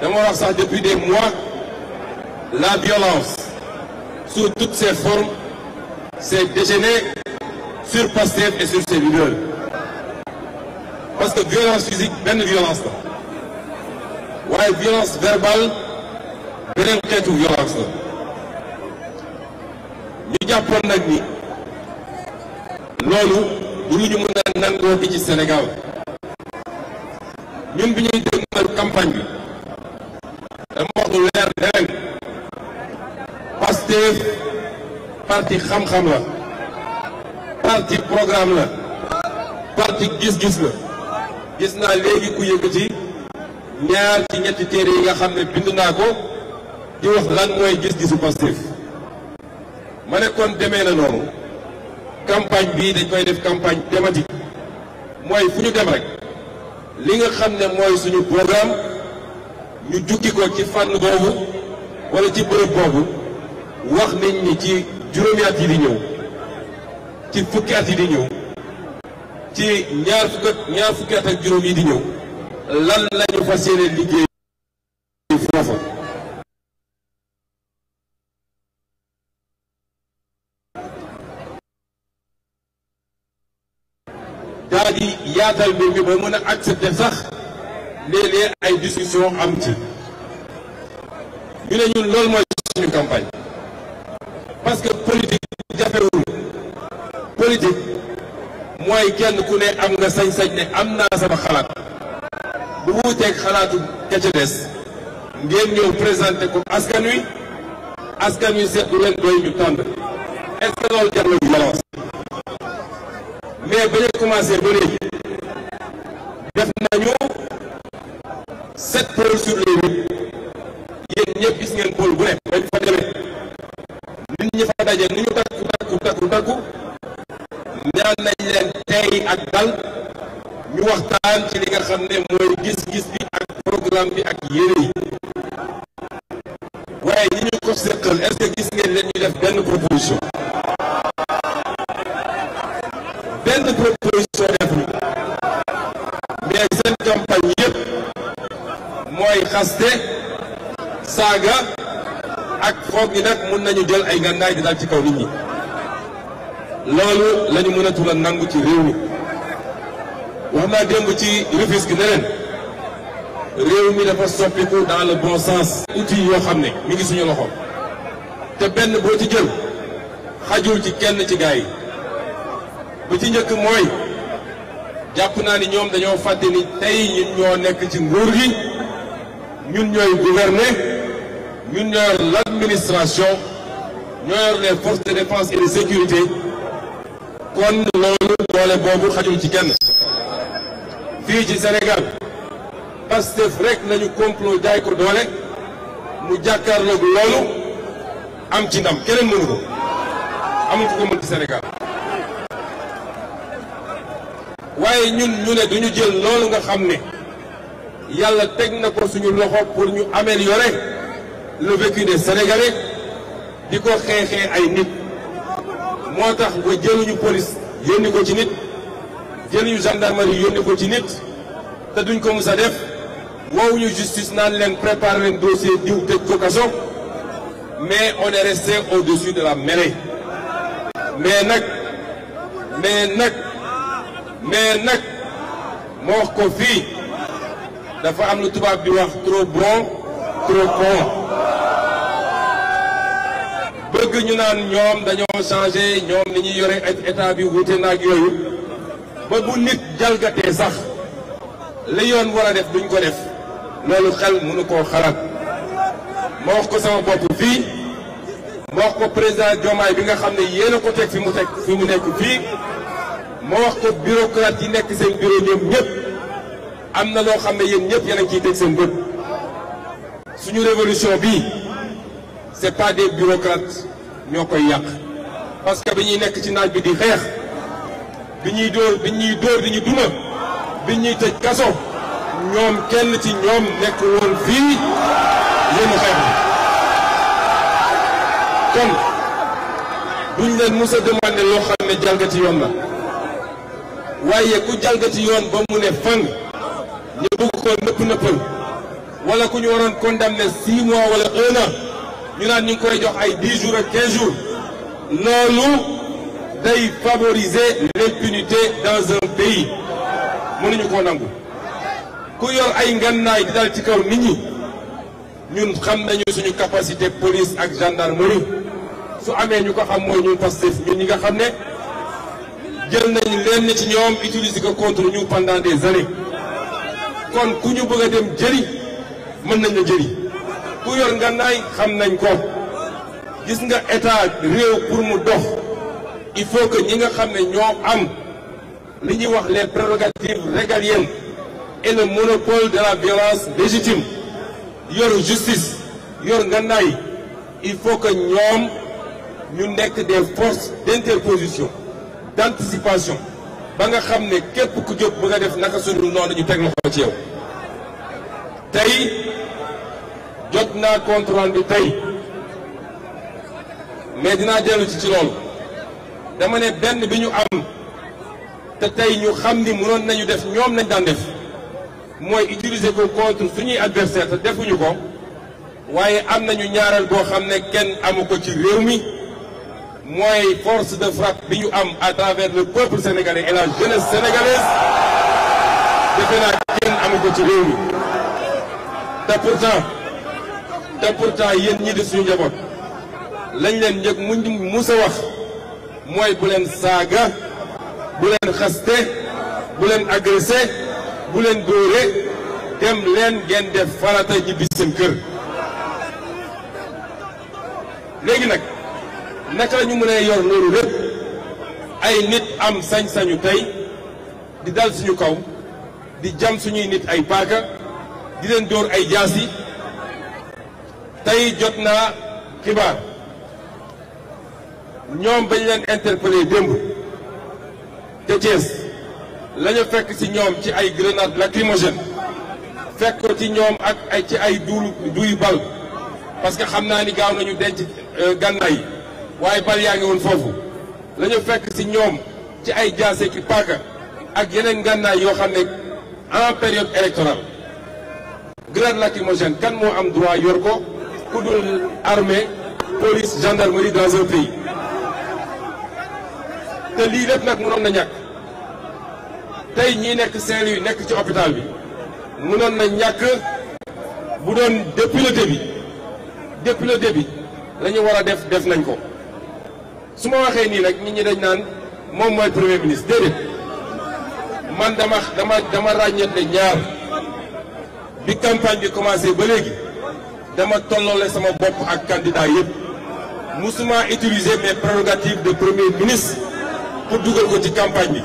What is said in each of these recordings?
dama wax sax depuis des mois la violence sous toutes ses formes s'est déchaînée sur Pastef et sur ses leaders parce que violence physique benn violence la waaye violence verbale beneen xeetu violence la ñu jàppoon nag ni loolu du ñu mën a nangoo ci Sénégal ñun bi ñuy dégmal campagne bi Pastef parti xam-xam la parti programme la parti gis-gis la gis naa léegi ku yëkkati ñaar ci ñetti téere yi nga xam ne bind naa ko di wax lan mooy gis-gisu Pastef ma nekkoon demee na noonu campagne bii dañ koy def campagne thématique mooy fu ñu dem rek li nga xam ne mooy suñu programme ñu jukki ko ci fànn boobu wala ci bërëb boobu wax nañ ni ci juróomi at yi di ñëw ci fukki yi di ñëw ci ñaar fukki at ñaar fukki at ak juróom yi di ñëw lan liggéey foofa daa di yaatal mbir mi ba mën a accepter sax léeg ay discussion am ci ñu ne ñun loolu mooy suñu campagne parce que politique jafewul politique mooy kenn ku ne am nga sañ-sañ ne am naa sama xalaat bu wuuteeg xalaatu ka ca des ngeen ñëw présenté ko askan wi askan wi seet lu leen doy ñu tànn est ce que loolu mais ba ñu commencé ba léegi def nañu sept heures sur les daje nu ñu takku takku takku takku nañ leen tey ak dal ñu waxtaan ci li nga xam ne mooy gis-gis bi ak programme bi ak yére yi waaye ñi ñu ko séqal est gis nga leen ñu def benn proposition foog ni nag mun nañu jël ay ngànnaay di dal ci kaw nit ñi loolu la ñu mën a tula nangu ci réew mi wax naa démb ci Rufisque ne leen réew mi dafa soppiku dans le bon sens outil yoo xam ne mi ngi suñu loxo te benn boo ci jël xajul ci kenn ci gaay yi bu ci njëkk mooy jàpp naa ni ñoom dañoo fàtte ni tey ñun ñoo nekk ci nguur gi ñun ñooy gouverner ñun ñoo yor l'administration ñoo yor les forces de défense et de sécurité kon loolu doole boobu xajul ci kenn. fii ci Sénégal Pastef rek lañu complot jaay ko doole mu jàkkaarloog loolu am ci ndam keneen mënu ko amul ko mën Sénégal. waaye ñun ñu ne duñu jël loolu nga xam ne yàlla teg na ko suñu loxo pour ñu améliorer. le vécu des Sénégalais di ko xeexee ay nit moo tax ba jëluñu police yónni ko ci nit jëluñu gendarmerie yónni ko ci nit te duñ ko mus a def woowuñu justice naan leen préparer leen dossier diw tëj ko mais on est resté au-dessus de la mêlée mais nag mais nag mais nag moo wax ko fii dafa am lu tubaab di wax trop bon bëgg ñu naan ñoom dañoo changé ñoom ni ñuy yore état bi wuute naag yooyu ba bu nit jalgatee sax la yoon war a def duñ ko def loolu xel mënu koo xalaat moo wax ko sama bopp fii moo wax ko président jomaay bi nga xam ne yéen a ko teg fi mu teg fi mu nekk fii moo wax ko bureaucrate yi nekk seen bureau ñoom ñëpp am na loo xam ne yéen ñëpp yéen a ngi ciy seen bët suñu révolution bii c'est pas des bureaucrates ñoo koy yàq parce que bi ñuy nekk ci naaj bi di xeex bi ñuy dóor bi ñuy dóor di ñu duma bi ñuy tëj kaso ñoom kenn ci ñoom nekk woon fii yéen xeex kon duñ leen mus a demandé loo xam ne jalgati yoon la waaye ku jalgati yoon ba mu ne fang ñu bëgg ko nëpp nëppal wala ku ñu waroon condamné six mois wala un ñu naan ñu ngi koy jox ay 10 jours ak 15 jours loolu day favoriser l'impunité dans un pays mënuñu ko nangu ku yor ay ngannaay da dal ci kaw nit ñi ñun xam nañu suñu capacité police ak gendarmerie su amee ñu ko xam mooy ñun Pastef ñun ñi nga xam ne jël nañ lenn ci ñoom utiliser ko contre ñu pendant des années kon ku ñu bëgg a dem jëri mën nañ la jëri ku yor nga naay xam nañ ko gis nga état réew pour mu dox il faut que ñi nga xam ne ñoo am li ñuy wax les prérogatives régaliennes et le monopole de la violence légitime yor justice yor nga il faut que ñoom ñu nekk des forces d'interposition d'anticipation ba nga xam ne képp ku jóg bëgg a def naka sunu noonu ñu teg loxo ci yow jot naa compte rendu tey mais dinaa dellu ci ci loolu dama ne benn bi ñu am te tey ñu xam ni mënoon nañu def ñoom nañ daan def mooy utiliser ko contre suñuy adversaire te defuñu ko waaye am nañu ñaareel boo xam ne kenn amu ko ci réew mi mooy force de frappe bi ñu am à travers le peuple sénégalais et la jeunesse sénégalaise defe naa kenn amu ko ci réew mi te pourtant te pourtant yéen ñi di suñu njaboot lañ leen njëkk mu mus a wax mooy bu leen saaga bu leen xaste bu leen agressé bu leen dóore dem leen ngeen def farata ñibbi seen kër léegi nag naka la ñu mën a yor loolu lépp ay nit am sañ-sañu tey di dal suñu kaw di jam suñuy nit ay paaka di leen dóor ay jaasi tey jot naa xibaar ñoom bañ leen interpellé démb te Thiès la ñu fekk ci ñoom ci ay grenade lacrymogène fekk ko ci ñoom ak ay ci ay duul duuy parce que xam naa ni gaaw nañu denc euh, gànnaay yi waaye bal yaa ngi woon foofu la fekk ci ñoom ci ay jaase ki paaka ak yeneen gànnaay yoo xam ne en période électorale grenade lacrymogène kan moo am droit yor ku dul armée police gendarmerie dans un pays te lii lépp nag mënoon na ñàkk tey ñi nekk saint yu nekk ci hôpital bi mënoon na ñàkk bu doon depuis bi début bi le début war a def def nañ ko su ma waxee nii nag nit ñi dañ naan moom mooy premier ministre déedéet man dama dama dama ràññeet ne ñaar bi campagne bi commencé ba léegi dama tolloole sama bopp ak candidat yëpp musuma utiliser mes prérogatives de premier ministre pour dugal ko ci campagne bi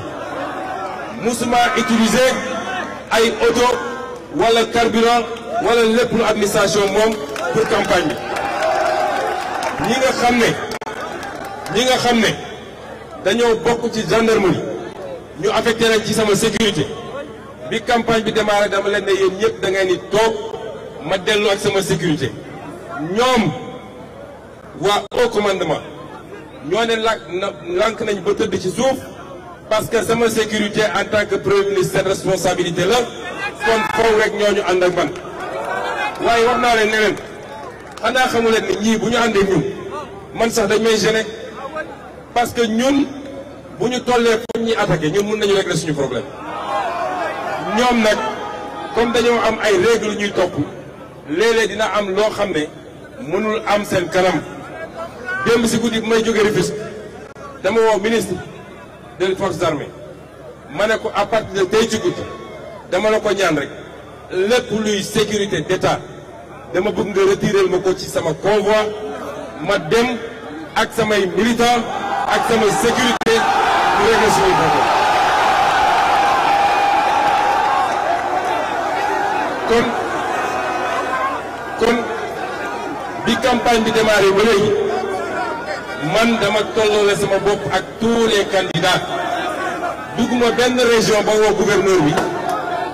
musuma utiliser ay auto wala carburant wala lépp lu administration moom pour campagne bi ñi nga xam ne ñi nga xam ne dañoo bokk ci gendarmerie ñu affecté leen ci sama sécurité bi campagne bi démarré dama leen ne yéen ñëpp da ngeen toog ma dellu ak sama sécurité ñoom waa au commandement ñoo ne lànk na lànk nañ ba tëdd ci suuf parce que sama sécurité en tant que premier ministre seen responsabilité la kon foofu rek ñoo ñu ànd ak man. waaye wax naa leen ne leen xanaa xamu leen ni ñii bu ñu àndee ñun man sax dañ may gêner parce que ñun bu ñu tollee fu ñuy attaqué ñun mun nañu régler suñu problème ñoom nag comme dañoo am ay règles ñuy topp. léeg dina am loo xam ne mënul am seen kanam démb si guddi bi may jógee Rufisque dama woo ministre des forces armées ma ne ko à partir de tey ci guddi dama la ko ñaan rek lépp luy sécurité d'État dama bëgg nga retirer ma ko ci sama convoi ma dem ak samay militants ak sama sécurité pour régler suñuy problème kon bi campagne bi démarré ba léegi man dama tolloole sama bopp ak tous les candidats benn région ba woo gouverneur bi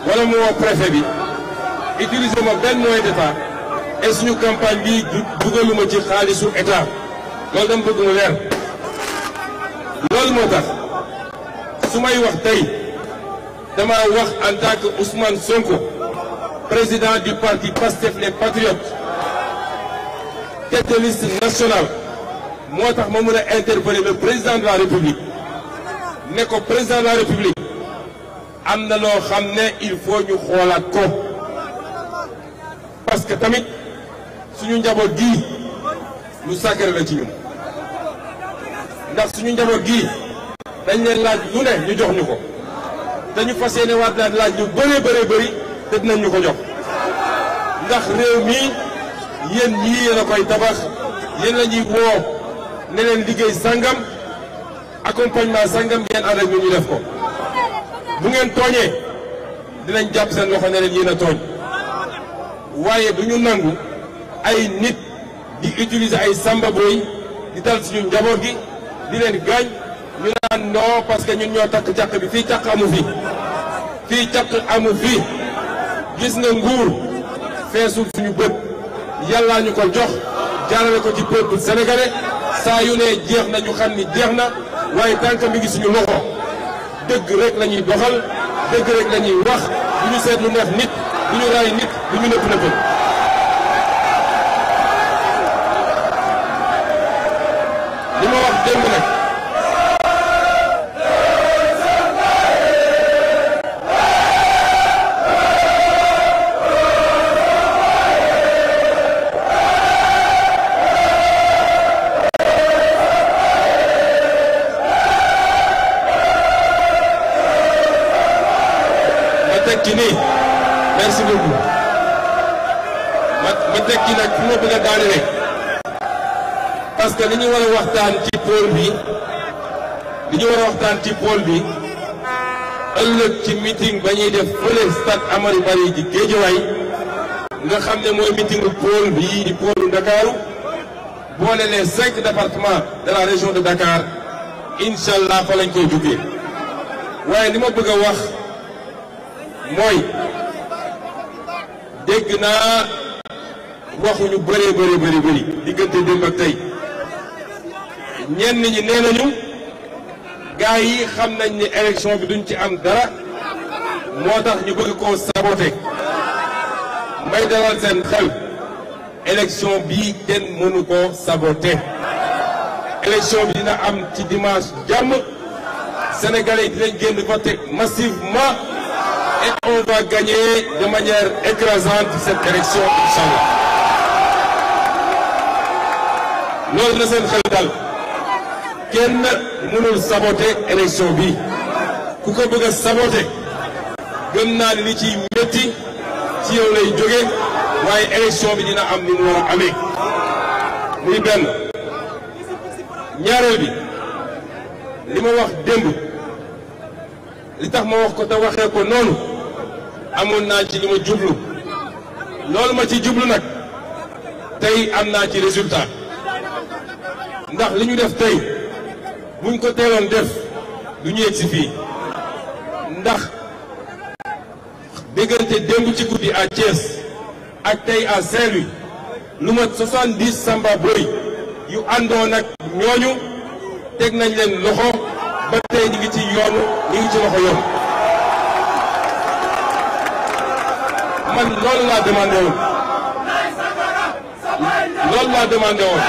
wala mu woo bi utiliser ma benn moyen d'état et suñu campagne bi dugaluma ci xaalisu état loolu dama bëgg leer loolu moo tax su may wax tey dama wax en tant que Ousmane Sonko président du parti Pastef les Patriotes tête de liste nationale moo tax ma mën a interpeller le président de la république ne ko président de la république am na loo xam ne il faut ñu xoolaat ko parce que tamit suñu njaboot gi lu sacré la ci ñun ndax suñu njaboot gi dañ leen laaj lu ne ñu jox ñu ko dañu fas yéene waat laaj ñu bëree bëree bari te dinañ ñu ko jox ndax réew mi yéen ñii yéen a koy tabax yéen woo ne leen liggéey sangam accompagnement sangam ngeen ànd ak ñu ñu def ko bu ngeen tooñe dinañ jàpp seen loxo ne leen yéen tooñ waaye du ñu nangu ay nit di utiliser ay samba booy di dal suñu njaboot gi di leen gaañ ñu naan non parce que ñun ñoo takk càq bi fii càq amu fi fii càq amu fi gis nga nguur feesul suñu bët. yàllaa ñu ko jox jaarale ko ci peuple sénégalais saa yu ne jeex na ñu xam ni jeex na waaye tànk mi ngi suñu loxo dëgg rek la ñuy doxal dëgg rek la ñuy wax du ñu seet lu neex nit du ñu raay nit du ñu nëpp nëppal déglu ma ma teg nag fu ma bëgg a daanelee que li ñu war waxtaan ci pôle bi li ñu waxtaan ci pôle bi ëllëg ci meeting ba ñuy def fële stade Amadou Barry ji Géejawaay nga xam ne mooy meeting bu pôle bii di pôle Ndakaaru boole les cinq départements de région de Dakar incha allah fa lañ koy jugee waaye li ma bëgg wax mooy. dégg naa waxuñu bëree bëri bëri bëri démb ak tey ñenn ñi nee nañu yi xam nañ ni élection bi duñ ci am dara moo tax ñu bëgg koo saboté may dalal seen xel élection bii kenn mënu koo saboté élection bi dina am ci dimanche jàmm sénégalais yi dinañ génn voté massivement et on va gagner de manière écrasante cette élection inchallah loolu na seen xel dal kenn mënul saboter élection bi ku ko bëgg a gën naa ni li ciy métti ci yow lay jóge waaye élection bi dina am lu mu war a amee muy benn ñaareel bi li wax démb li tax ma wax ko te waxee ko noonu amoon naa ci li ma jublu loolu ma ci jublu nag tey am naa ci résultat ndax li ñu def tey buñ ko teeloon def du ñu yegg si fii ndax diggante démb ci guddi à Thiès ak tey à saint lu mat 70 samba boy yu àndoon ak ñooñu teg nañ leen loxo. ba tey ñu ngi ci yoonu ñu ngi ci loxo yoon man loolu naa demandé loolu laa demandé woon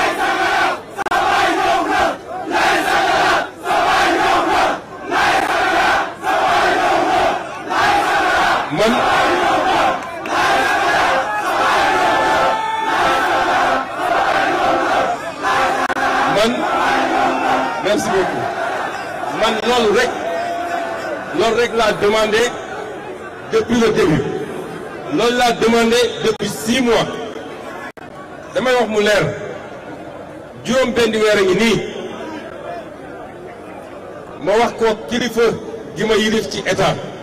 loolu laa demandé depuis le loolu laa demandé depuis six mois damay wax mu leer juróom benn weer a ngi nii ma wax ko kilifa gi ma yilif ci état